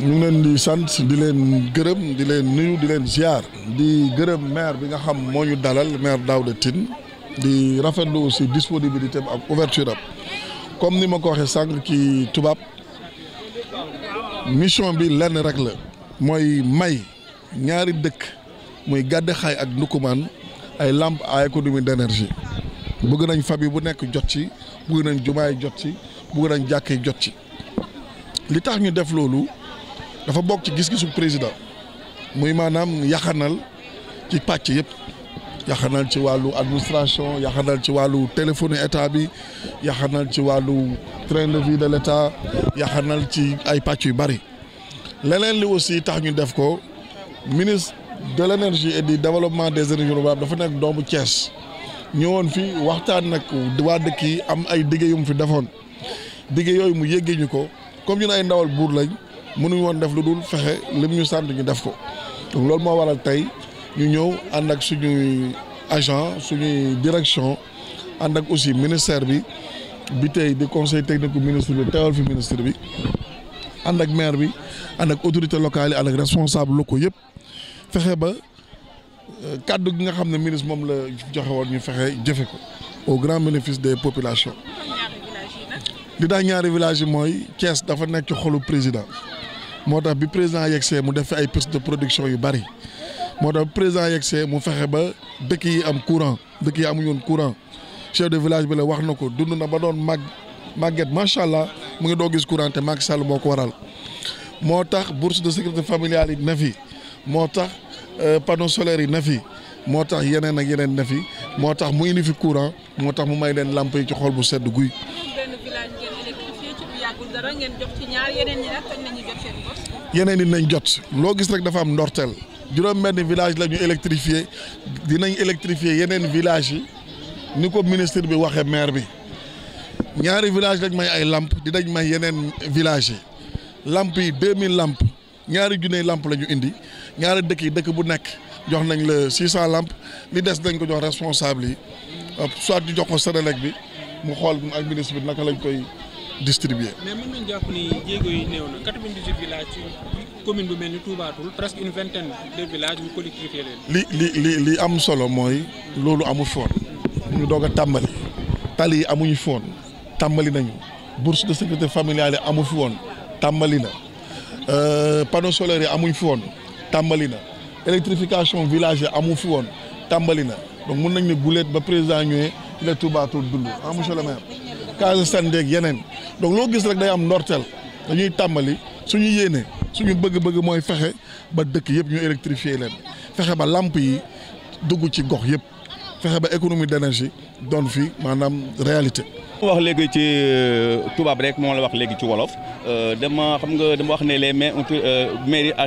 ñu ngi leen di sant di leen gërëm di leen nuyu di leen ziar di gërëm maire bi nga xam moo ñu dalal maire Daouda Tine di rafetlu aussi disponibilité am ak ouverture am comme ni ma ko waxee sànq ci tubaab mission bi lenn rek la mooy may ñaari dëkk muy Gaddaxaay ak Ndoukoumane ay lampe à économie d'énergie bëgg nañ yi bu nekk jot ci bëgg nañ jumaay jot ci bugg nañ jàkkee jot ci li tax ñu def loolu. dafa bokk ci gis-gisu président muy maanaam yaxanal ci pàcc yëpp yaxanal ci wàllu administration yaxanal ci wàllu téléphone état bi yaxanal ci wàllu train de vie de l' état yaxanal ci ay pàcc yu bari leneen li aussi tax ñu def ko ministre de l' énergie et du développement des énergies renouvelables dafa nekk doomu Thiès ñëwoon fi waxtaan nag waa dëkk yi am ay digge yu mu fi defoon digge yooyu mu yëggee ñu ko comme ñun ay ndawal buur lañ. mënuñ woon def lu dul fexe lim ñu sant ñu def ko donc loolu moo waral tey ñu ñëw ànd ak suñuy agent suñuy direction ànd ak aussi ministère bi bi tey di conseil technique bu ministre bi teewal fi ministre bi ànd ak maire bi ànd ak autorité locale yi ànd ak responsable locaux yëpp fexe ba euh, kàddu gi nga xam ne ministre moom la joxe woon ñu fexe jëfe ko au grand bénéfice des populations. li daa ñaari village yi mooy Thiès dafa nekk ci xolu président. moo tax bi président yegsee mu def fi ay piste de production yu bari moo tax président yegsee mu fexe ba dëkk yi am courant dëkk yi amuñu woon courant chef de village bi la wax na ko dund na ba doon màgg màgget macha allah mu ngi doo gis courant te Macky Sall moo ko waral. moo tax bourse de sécurité familiale yi na fi moo tax euh, panneau solaire yi na fi moo tax yeneen ak yeneen na fi moo tax mu indi fi courant moo tax mu may leen lamp yi ci xool bu sedd guy. yeneen ñi jot nañ jot loo gis rek dafa am ndorteel juróom-benn village la ñu électrifié dinañ électrifié yeneen village yi ni ko ministre bi waxee maire bi ñaari village lañ may ay làmp dinañ may yeneen village yi làmp yi 2000 lamp ñaari junne làmp lañu indi ñaari dëkk yi dëkk bu nekk jox nañ la 600 lamp li des nañ ko jox responsable yi soit ñu jox ko Sénélec bi mu xool ak ministre bi naka lañ koy. distribuer. mais commune bu mel ni Touba Toul presque une vingtaine de villages yu li li li am solo mooy loolu amul foon ñu doog a tàmbali tali yi amuñu foon tàmbali nañu bourse de sécurité familiale yi amu fi woon tàmbali na euh, panneaux solaires yi amuñ fi woon tàmbali na électrification village yi amu fi woon tàmbali na donc mun nañ ne guleet ba président ñëwee la Touba Toul dund ah monsieur le maire. Casa Sane yeeg yeneen. donc loo gis rek day am ndorteel dañuy tàmbali suñu yéene suñu bëgg-bëgg mooy fexe ba dëkk yëpp ñu électrifier leen fexe ba làmp yi dugg ci gox yëpp fexe ba économie d'énergie doon fi maanaam réalité. wax léegi ci euh, tubaab rek moom la wax léegi ci wolof euh, dama xam nga dama wax ne les mais euh, mairie à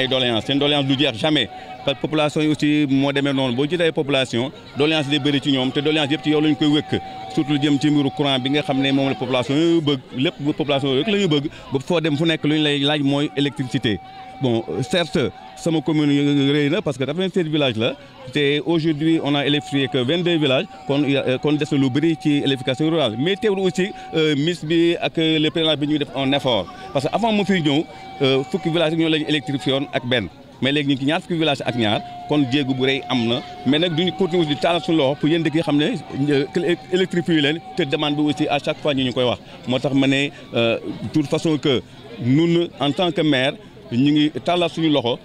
ay doléance seen doléance du jeex jamais parce que population yi aussi moo demee noonu boo jëlee population doléance day bëri ci ñoom te doléance yëpp ci yow lañ koy wékk surtout lu jëm ci mbiru courant bi nga xam ne moom la population yooyu bëgg lépp population yooyu rek la ñu bëgg ba foo dem fu nekk lu ñu lay laaj mooy électricité bon certes sama commune réy na parce que quatre-vingt-sept villages la te aujourd'hui on a électrifié vingt-deux villages euh, kon des na lu bëri ci électrification rurale mais teewul aussi euh, ministre bi ak le président bi ñuy def un effort parce que avant mu fiy ñëw euh, fukki village rek ñoo la ñu électrifié ak benn mais léegi ñu ngi ñaar fukki village ak ñaar kon jéegu bu rëy am na mais nag duñu continuer aussi di taalal suñu loxo pour yéen dëkk xam ne électrifié leen te demande bi aussi à chaque fois ñu ñu koy wax moo tax ma ne de toute façon que nun en tant que maire ñu ngi taalal suñu loxo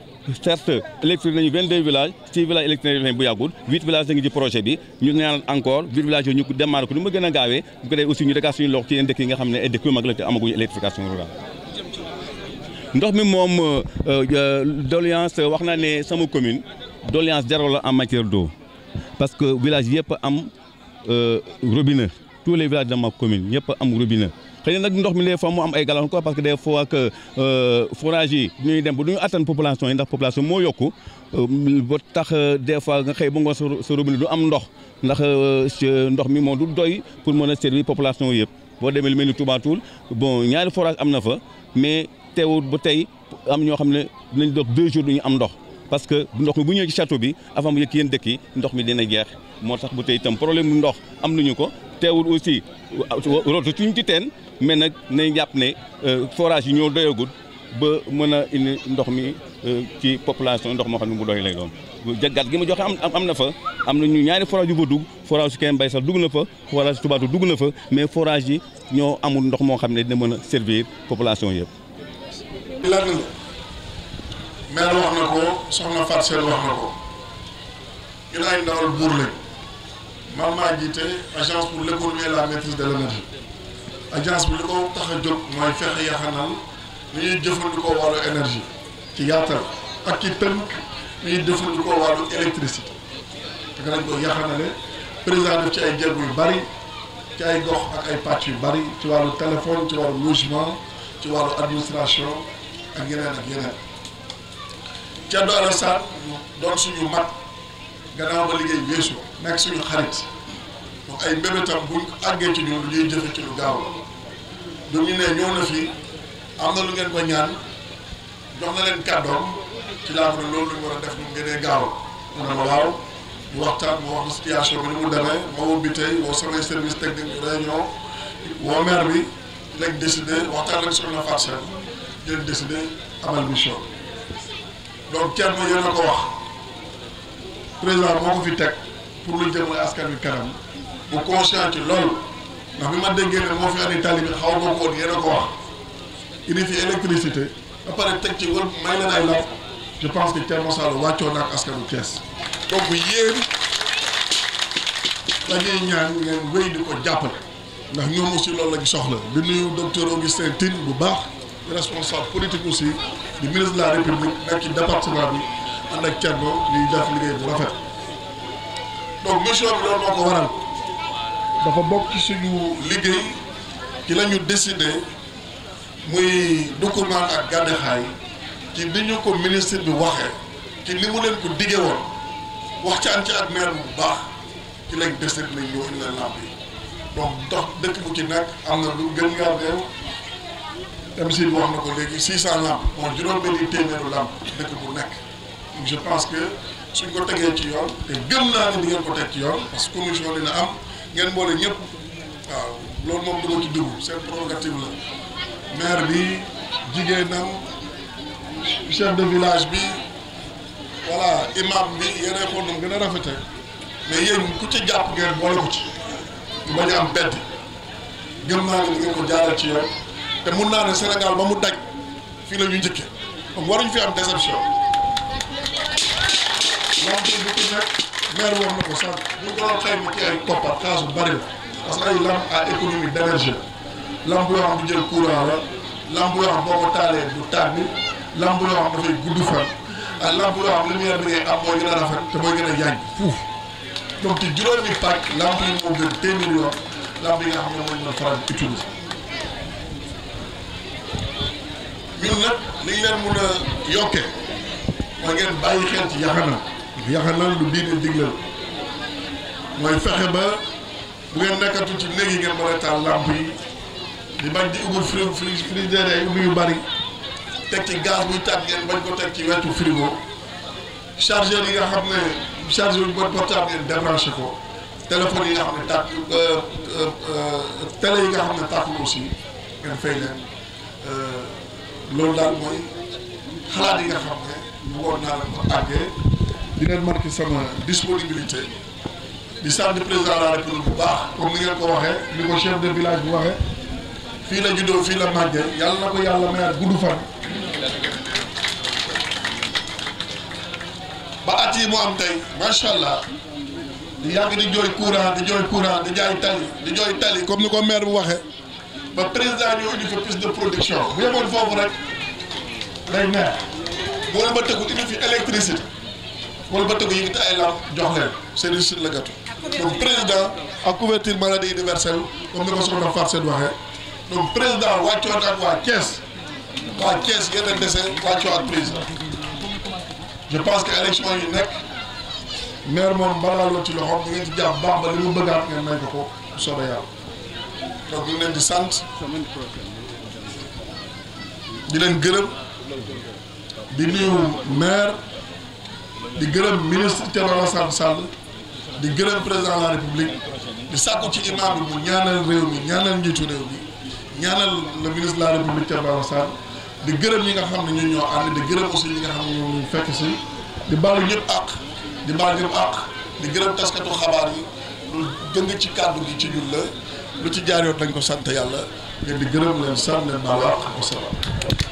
certes électrifié nañu 22 villages 6 villages électrifié nañu bu yàggul 8 villages da ngi ci projet bi ñu ñaanal encore 8 villages yooyu ñu ko démarré gën a gaawee bu ko defee aussi ñu dagaat suñu loxo ne ay dëkk yu mag la ndox mi moom euh, euh, doléance wax naa ne sama commune doléance zéro la en matière do parce que village yëpp am euh, robinet tout les villages de ma commune ñëpp am robinet xëy nag ndox mi des fois mu am ay gàllankoor parce que des fois que euh, forage yi ñuy dem ba du ñu attan population yi ndax population moo yokku euh, ba tax euh, des fois nga xëy ba nga sa robinet du am ndox ndax ndox mi moo du doy pour mën a servir population yëpp boo demee lu mel ni Touba bon ñaari forage am na fa mais teewul ba tey am ñoo xam ne dinañ dox deux jours du ñu am ndox. parce que ndox mi bu ñëwee ci château bi avant mu yëg yéen dëkk yi ndox mi dina jeex moo tax bu tey itam problème ndox am nañu ko teewul aussi rootu ci ñu ci teen mais nag nañ jàpp ne euh, forage yi ñoo doyagul ba mën a indi ndox mi euh, ci population ndox moo xam ne bu doy lay doon. jaggat gi ma joxe am am na fa am na ñu ñaari forage yu fa dugg forage su Kelle Mbaye sax dugg na fa forage Toubatu dugg na fa mais forage yi ñoo amul ndox moo xam ne dina mën a servir population yëpp. mel wax na ko soxna Fatou Seye wax na ko ñun yi ndawal buur lañ man maa jiite agence pour l'économie et la maîtrise de l'énergie agence bi li ko tax a jóg mooy fexe yaxanal ni ñuy jëfandikoo wàllu énergie ci yaatal ak ci tënk ni ñuy jëfandikoo wàllu électricité te ka dañ ko yaxanale président def ci ay jéego yu bari ci ay gox ak ay pàcc yu bari ci wàllu téléphone ci wàllu logement ci wàllu administration ak yeneen ak yeneen Thierno Alassane Sall doon suñu mag gannaaw ba liggéey weesu nekk suñu xarit mu ay mbébétam buñ àggee ci ñun lu ñuy jëfe ci lu gaaw la ñu ne ñëw na fii am na lu ngeen ko ñaan jox na leen kàddoom ci laa ko ne loolu lañu war a def ñu gënee gaaw mu ne ma waaw ñu waxtaan mu wax ma situation bi ni mu demee ma woo bi tey woo samay service technique ñu réunion woo maire bi lañ décidé waxtaan ak soxna Fatou Seye jël décidé amal mission donc Thierno yéen a ko moo ko fi teg pour lu jëmale askan wi kanam bu conscient ci loolu ndax bi ma déggee ne moo fi andi tali bi xaw ma ko woon yéen a ko wax indi fi électricité ba teg ci wër may leen ay laf je pense que Thierno Sall wàccoo na ak askanu Thiès donc yéen dañuy ñaan ngeen wéy di ko jàppale ndax ñoom aussi loolu la ñu soxla di nuyu docteur Augustin Tine bu baax responsable politique aussi. di ministre de la république nekk ci département bi ànd ak Thierno ñuy def liggéey bu rafet donc mission bi loolu moo ko waral dafa bokk ci suñu liggéey ci la ñu décidé muy Ndoukoumane ak Gaddaxaay ci ni ñu ko ministre bi waxee ci li mu leen ko diggee woon waxtaan ci ak maire bu baax ci lañ décidé nañ ñëw indi leen làmp yi donc dox dëkk bu ci nekk am na lu gën ngaa réew MC bi wax na ko léegi 600 làmp mooy juróom-benni téeméeru làmp dëkk bu nekk je pense que suñ ko tegee ci yoon te gëm naa ne di ngeen ko teg ci yoon parce que commission dina am ngeen boole ñëpp waaw loolu moom dama ci dugg seen prérogative la maire bi jigéenam chef de village bi voilà imam bi yeneen ko nam gën a rafete mais yéen ku ci jàpp ngeen boole ko ci bañ am bedd gëm naa ne di ko jaaral ci yoon te mun naa ne Sénégal ba mu daj fii la ñu njëkke am waruñ fi am déception moom tey bu ci nekk maire wax na ko sànq bu ñu doon xayma ci ay koppar xaasu bari la parce que ay lampe à économie d'énergie lampe yoo xam du jël courant la lampe yoo xam boo ko taalee du tàgg lampe yoo xam dafay gudd fan ak lampe yoo xam li muy rëy am mooy gën a rafet te mooy gën a yàgg fuuf donc ci juróomi pàcc lampe yi moo gën téeméeri yoon lampe yi nga xam ne mooy ñu faral di ñun nag li ñu leen mun a yokkee ma ngeen bàyyi xel ci yaxanal yaxanal lu diine digle mooy fexe ba bu ngeen nekkatu ci néeg yi ngeen mën a taal làmp yi di bañ di ubbi fri fri frigidaire yi ubbi yu bari teg ci gaz buy tàkk ngeen bañ ko teg ci wetu frigo chargeur yi nga xam ne chargeur bu bon portable ngeen ko téléphone yi nga xam ne tàkk euh, euh, euh, télé yi nga xam ne tàkkul aussi ngeen fay leen loolu daal mooy xalaat yi nga xam ne bëggoon naa la ko àggee di leen marqué sama disponibilité di sant de la république bu baax comme ni ngeen ko waxee ni ko chef de village bu waxee fii la juddoo fii la màggee yàlla na ko yàlla mayaat gudd fan ba at yi mu am tey macha allah di yàgg di jooy courant di jooy courant di di jooy tali comme ni ko maire bu waxee ba président ñoo indi fi piste de production bu yemoon foofu rek day neex wala ba tëggu indi fi électricité wala ba tëggu yëkkati ay lamp jox leen service sur le gâteau donc président ak couverture maladie universelle comme ni ko soxna Fatou Seye waxee donc président wàccoon ak waa Thiès waa Thiès yéen a dese wàccoo ak président je pense que élection yi nekk maire moom balaa la ci loxo da ngeen ci jàpp baax ba li mu bëggaat ngeen may ko ko soobee yàlla. donc ñu leen di sant di leen gërëm di nuyu maire di gërëm ministre Thierno Alassane Sall di gërëm président de la république di sàkku ci imam bi mu ñaanal réew mi ñaanal njiitu réew mi ñaanal le ministre de la république Thierno Alassane di gërëm ñi nga xam ne ñun ñoo ànd di gërëm aussi ñi nga xam ne ñoo fekk si di baalu ñëpp àq di baal ñëpp àq di gërëm taskatu xabaar yi. dëng ci kàddu gi ci ñun la lu ci jaar yoon dañ ko sant yàlla ngeen di gërëm leen sant leen baal wax wasalaam